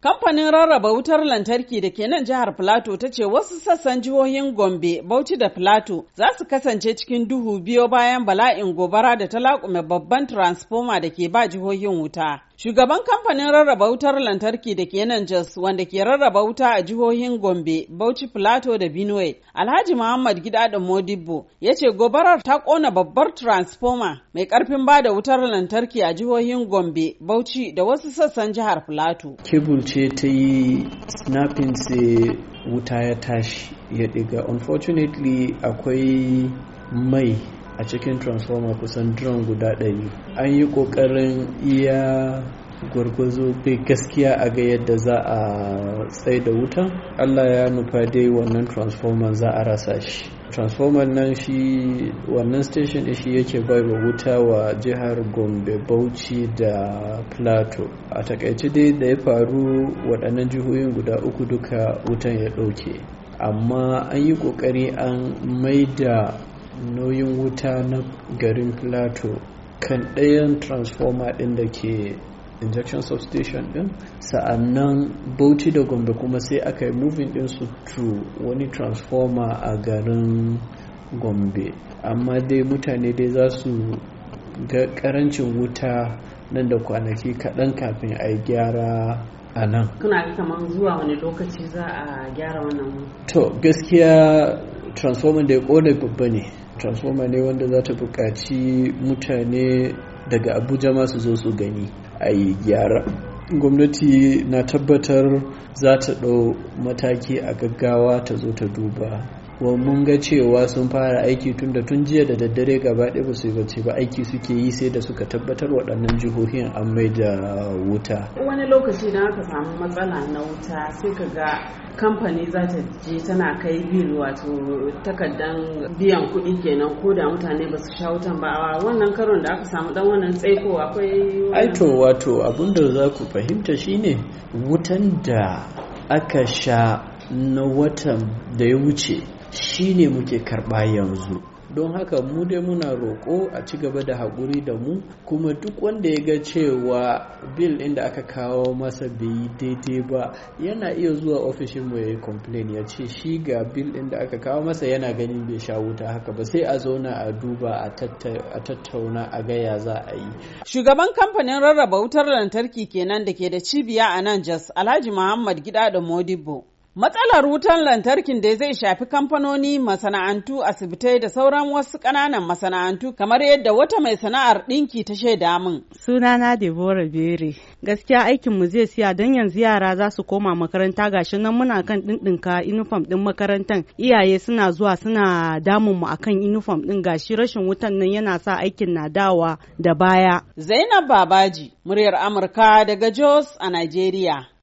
Kamfanin rarraba wutar lantarki da ke nan jihar Filato ta ce wasu sassan jihohin Gombe, Bauchi da Filato za su kasance cikin duhu biyo bayan bala'in gobara da ta laƙume babban transfoma da ke ba jihohin wuta. Shugaban kamfanin rarraba wutar lantarki da ke nan Jos wanda ke rarraba wuta a jihohin Gombe, Bauchi Plateau da Benue, Alhaji Muhammad da modibo ya ce gobarar ta kona babbar transformer mai karfin ba da wutar lantarki a jihohin Gombe, Bauchi da wasu sassan jihar Plateau. Kebul ce ta yi snapping sai wuta ya tashi ya diga. Unfortunately akwai mai a cikin transformer kusan drone guda ɗari an yi ƙoƙarin iya gwargwazo bai gaskiya a ga yadda za a tsaye da wuta allah ya nufa dai wannan transformer za a rasa shi transformer nan shi wannan station din shi yake bai ba wuta wa jihar gombe bauchi da plateau a takaice dai da ya faru waɗannan jihohin guda uku duka wutan ya ɗauke amma an yi ƙoƙari an maida nauyin wuta na garin plateau kan ɗayan transformer ɗin da ke injection substation din sa'annan bauchi da gombe kuma sai aka yi moving din su to wani transformer a garin gombe amma dai mutane dai za su ga karancin wuta nan da kwanaki kaɗan kafin a yi gyara a nan kuna ga kamar zuwa wani lokaci za a gyara wannan to gaskiya transformer da ya kone babba ne transformer ne wanda za ta buƙaci mutane daga abuja masu zo su gani a yi gyara gwamnati na tabbatar za ta ɗau mataki a gaggawa ta zo ta duba wa mun ga cewa sun fara aiki tun da tun jiya da daddare gaba ɗaya ba su yi bacci ba aiki suke yi sai da suka tabbatar waɗannan jihohin an mai da wuta wani lokaci da aka samu matsala na wuta sai ka ga kamfani za ta je tana kai bil wato takardan biyan kuɗi kenan ko da mutane ba su sha wutan ba wannan karon da aka samu dan wannan tsaiko akwai aito wato abin da za ku fahimta shine wutan da aka sha na watan da ya wuce shi ne muke karɓa yanzu don haka mu dai muna roƙo a ci gaba da haƙuri da mu kuma duk wanda ya ga cewa bil ɗin da aka kawo masa bai yi daidai ba yana iya zuwa ofishin mu ya yi complain ya ce shi ga bil ɗin da aka kawo masa yana ganin bai sha wuta haka ba sai a zauna a duba a tattauna a gaya za a yi. shugaban kamfanin rarraba wutar lantarki kenan da ke da cibiya a nan jos alhaji muhammad gida da modibo Matsalar wutan lantarkin da zai shafi kamfanoni, masana'antu, asibitai da sauran wasu ƙananan masana'antu kamar yadda wata mai sana'ar ɗinki ta shaida min. Sunana Deborah Bere. Gaskiya aikin mu zai siya don yanzu yara za su koma makaranta gashi nan muna kan ɗinɗinka uniform ɗin makarantan. Iyaye suna zuwa suna damun mu akan uniform ɗin gashi rashin wutan nan yana sa aikin na dawa da baya. Zainab Babaji, muryar Amurka daga Jos a Najeriya.